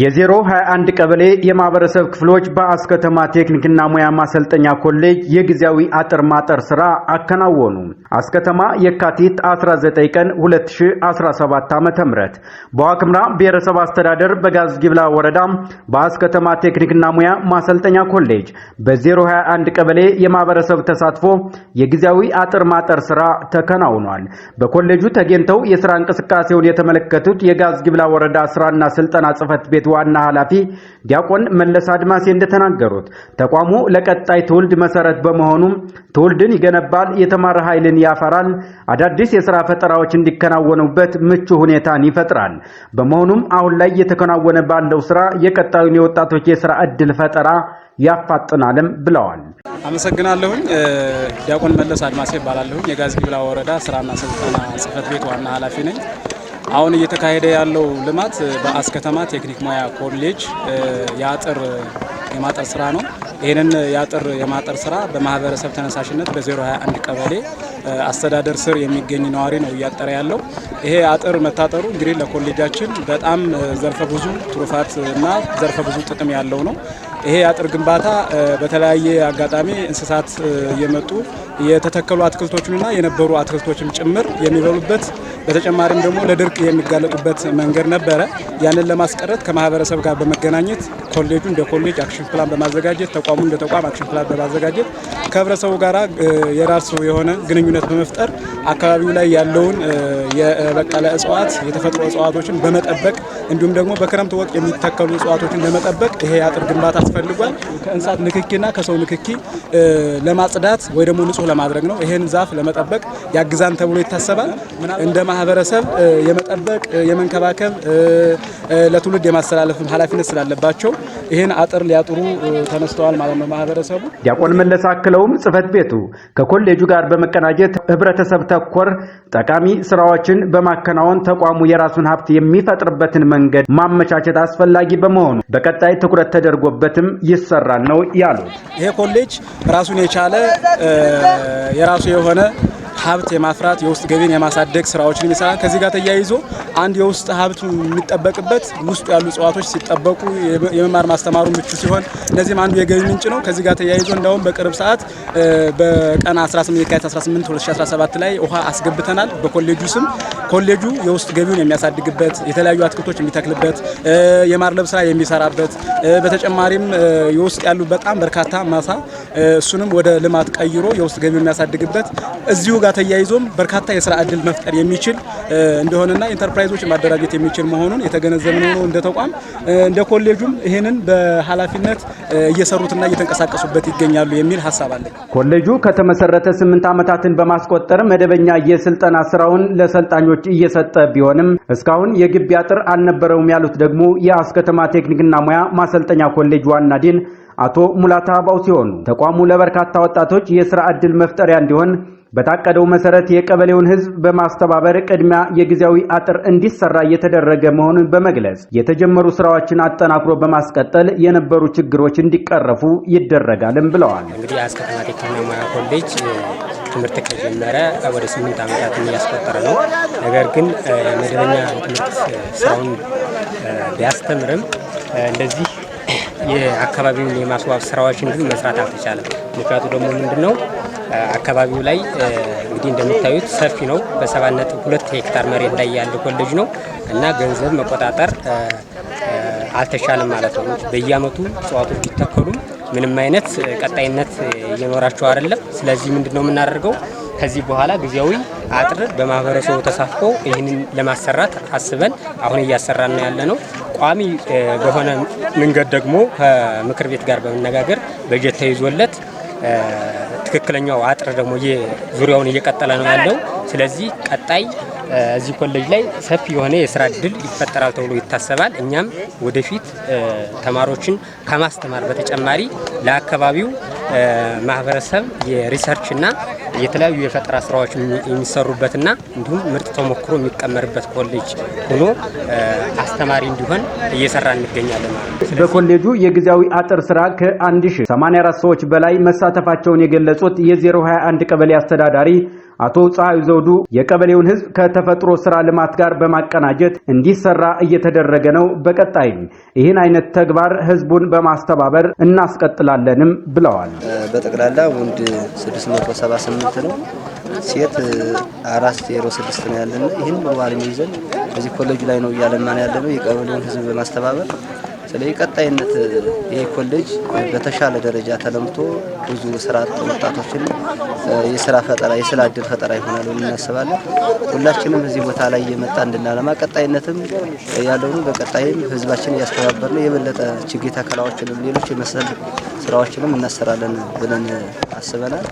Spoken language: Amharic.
የዜሮ 21 ቀበሌ የማህበረሰብ ክፍሎች በአስ ከተማ ቴክኒክና ሙያ ማሰልጠኛ ኮሌጅ የጊዜያዊ አጥር ማጠር ስራ አከናወኑ። አስከተማ የካቲት 19 ቀን 2017 ዓ.ም በዋክምራ ብሔረሰብ አስተዳደር በጋዝ ጊብላ ወረዳ በአስ ከተማ ቴክኒክና ሙያ ማሰልጠኛ ኮሌጅ በ021 ቀበሌ የማህበረሰብ ተሳትፎ የጊዜያዊ አጥር ማጠር ስራ ተከናውኗል። በኮሌጁ ተገኝተው የስራ እንቅስቃሴውን የተመለከቱት የጋዝ ጊብላ ወረዳ ስራና ስልጠና ጽህፈት ቤት ዋና ኃላፊ ዲያቆን መለስ አድማሴ እንደተናገሩት ተቋሙ ለቀጣይ ትውልድ መሰረት በመሆኑም ትውልድን ይገነባል፣ የተማረ ኃይልን ያፈራል፣ አዳዲስ የስራ ፈጠራዎች እንዲከናወኑበት ምቹ ሁኔታን ይፈጥራል። በመሆኑም አሁን ላይ እየተከናወነ ባለው ስራ የቀጣዩን የወጣቶች የስራ ዕድል ፈጠራ ያፋጥናልም ብለዋል። አመሰግናለሁኝ። ዲያቆን መለስ አድማሴ እባላለሁኝ። የጋዝጊብላ ወረዳ ስራና ስልጠና ጽህፈት ቤት ዋና ኃላፊ ነኝ። አሁን እየተካሄደ ያለው ልማት በአስ ከተማ ቴክኒክ ሙያ ኮሌጅ የአጥር የማጠር ስራ ነው። ይህንን የአጥር የማጠር ስራ በማህበረሰብ ተነሳሽነት በ021 ቀበሌ አስተዳደር ስር የሚገኝ ነዋሪ ነው እያጠረ ያለው። ይሄ አጥር መታጠሩ እንግዲህ ለኮሌጃችን በጣም ዘርፈ ብዙ ትሩፋት እና ዘርፈ ብዙ ጥቅም ያለው ነው። ይሄ የአጥር ግንባታ በተለያየ አጋጣሚ እንስሳት እየመጡ የተተከሉ አትክልቶችንና የነበሩ አትክልቶችም ጭምር የሚበሉበት በተጨማሪም ደግሞ ለድርቅ የሚጋለጡበት መንገድ ነበረ። ያንን ለማስቀረት ከማህበረሰብ ጋር በመገናኘት ኮሌጁ እንደ ኮሌጅ አክሽን ፕላን በማዘጋጀት ተቋሙ እንደ ተቋም አክሽን ፕላን በማዘጋጀት ከህብረተሰቡ ጋር የራሱ የሆነ ግንኙነት በመፍጠር አካባቢው ላይ ያለውን የበቀለ እጽዋት የተፈጥሮ እጽዋቶችን በመጠበቅ እንዲሁም ደግሞ በክረምት ወቅት የሚተከሉ እጽዋቶችን ለመጠበቅ ይሄ የአጥር ግንባታ አስፈልጓል። ከእንስሳት ንክኪና ከሰው ንክኪ ለማጽዳት ወይ ደግሞ ንጹህ ለማድረግ ነው። ይሄን ዛፍ ለመጠበቅ ያግዛን ተብሎ ይታሰባል። ማህበረሰብ የመጠበቅ የመንከባከብ ለትውልድ የማስተላለፍ ኃላፊነት ስላለባቸው ይህን አጥር ሊያጥሩ ተነስተዋል ማለት ነው ማህበረሰቡ። ዲያቆን መለስ አክለውም ጽህፈት ቤቱ ከኮሌጁ ጋር በመቀናጀት ህብረተሰብ ተኮር ጠቃሚ ስራዎችን በማከናወን ተቋሙ የራሱን ሀብት የሚፈጥርበትን መንገድ ማመቻቸት አስፈላጊ በመሆኑ በቀጣይ ትኩረት ተደርጎበትም ይሰራል ነው ያሉት። ይሄ ኮሌጅ ራሱን የቻለ የራሱ የሆነ ሀብት የማፍራት የውስጥ ገቢን የማሳደግ ስራዎችን ይሰራል። ከዚህ ጋር ተያይዞ አንድ የውስጥ ሀብቱ የሚጠበቅበት ውስጡ ያሉ እጽዋቶች ሲጠበቁ የመማር ማስተማሩ ምቹ ሲሆን እነዚህም አንዱ የገቢ ምንጭ ነው። ከዚህ ጋር ተያይዞ እንደውም በቅርብ ሰዓት በቀን 18 የካቲት 18 2017 ላይ ውሃ አስገብተናል። በኮሌጁ ስም ኮሌጁ የውስጥ ገቢውን የሚያሳድግበት የተለያዩ አትክልቶች የሚተክልበት የማርለብ ስራ የሚሰራበት በተጨማሪም የውስጥ ያሉ በጣም በርካታ ማሳ እሱንም ወደ ልማት ቀይሮ የውስጥ ገቢ የሚያሳድግበት እዚሁ ጋር ተያይዞም በርካታ የስራ እድል መፍጠር የሚችል እንደሆነና ኢንተርፕራይዞች ማደራጀት የሚችል መሆኑን የተገነዘብ ነው እንደ ተቋም እንደ ኮሌጁም ይህንን በኃላፊነት እየሰሩትና እየተንቀሳቀሱበት ይገኛሉ የሚል ሀሳብ አለ። ኮሌጁ ከተመሰረተ ስምንት ዓመታትን በማስቆጠር መደበኛ የስልጠና ስራውን ለሰልጣኞች እየሰጠ ቢሆንም እስካሁን የግቢ አጥር አልነበረውም ያሉት ደግሞ የአስከተማ ቴክኒክና ሙያ ማሰልጠኛ ኮሌጅ ዋና ዲን አቶ ሙላታ አባው ሲሆኑ ተቋሙ ለበርካታ ወጣቶች የስራ ዕድል መፍጠሪያ እንዲሆን በታቀደው መሰረት የቀበሌውን ሕዝብ በማስተባበር ቅድሚያ የጊዜያዊ አጥር እንዲሰራ እየተደረገ መሆኑን በመግለጽ የተጀመሩ ስራዎችን አጠናክሮ በማስቀጠል የነበሩ ችግሮች እንዲቀረፉ ይደረጋልም ብለዋል። እንግዲህ አስ ከተማ ቴክኒክና ሙያ ኮሌጅ ትምህርት ከጀመረ ወደ ስምንት ዓመታትን እያስቆጠረ ነው። ነገር ግን መደበኛ ትምህርት ስራውን ቢያስተምርም እንደዚህ የአካባቢውን የማስዋብ ስራዎች እንዲሁም መስራት አልተቻለም። ምክንያቱ ደግሞ ምንድን ነው? አካባቢው ላይ እንግዲህ እንደምታዩት ሰፊ ነው። በሰባት ነጥብ ሁለት ሄክታር መሬት ላይ ያለ ኮሌጅ ነው እና ገንዘብ መቆጣጠር አልተቻለም ማለት ነው። በየአመቱ እጽዋቶች ቢተከሉም ምንም አይነት ቀጣይነት እየኖራቸው አይደለም። ስለዚህ ምንድን ነው የምናደርገው? ከዚህ በኋላ ጊዜያዊ አጥር በማህበረሰቡ ተሳፍቆ ይህንን ለማሰራት አስበን አሁን እያሰራን ያለ ነው። ቋሚ በሆነ መንገድ ደግሞ ከምክር ቤት ጋር በመነጋገር በጀት ተይዞለት ትክክለኛው አጥር ደግሞ ዙሪያውን እየቀጠለ ነው ያለው። ስለዚህ ቀጣይ እዚህ ኮሌጅ ላይ ሰፊ የሆነ የስራ እድል ይፈጠራል ተብሎ ይታሰባል። እኛም ወደፊት ተማሪዎችን ከማስተማር በተጨማሪ ለአካባቢው ማህበረሰብ እና የተለያዩ የፈጠራ ስራዎች የሚሰሩበትና እንዲሁም ምርጥ ተሞክሮ የሚቀመርበት ኮሌጅ ሆኖ አስተማሪ እንዲሆን እየሰራ እንገኛለን። በኮሌጁ የጊዜያዊ አጥር ስራ ከ1084 ሰዎች በላይ መሳተፋቸውን የገለጹት የ021 ቀበሌ አስተዳዳሪ አቶ ፀሐዩ ዘውዱ የቀበሌውን ህዝብ ከተፈጥሮ ስራ ልማት ጋር በማቀናጀት እንዲሰራ እየተደረገ ነው። በቀጣይም ይህን አይነት ተግባር ህዝቡን በማስተባበር እናስቀጥላለንም ብለዋል። በጠቅላላ ወንድ 678 ነው፣ ሴት 406 ነው ያለና ይህን በዋል ይዘን በዚህ ኮሌጅ ላይ ነው እያለማን ያለነው የቀበሌውን ህዝብ በማስተባበር ስለዚህ ቀጣይነት ይህ ኮሌጅ በተሻለ ደረጃ ተለምቶ ብዙ ስራ ወጣቶችን የስራ ፈጠራ የስራ እድል ፈጠራ ይሆናል እናስባለን። ሁላችንም እዚህ ቦታ ላይ እየመጣ እንድናለማ ቀጣይነትም ያለውን በቀጣይም ህዝባችን እያስተባበር ነው የበለጠ ችግኝ ተከላዎችንም ሌሎች የመሰል ስራዎችንም እናሰራለን ብለን አስበናል።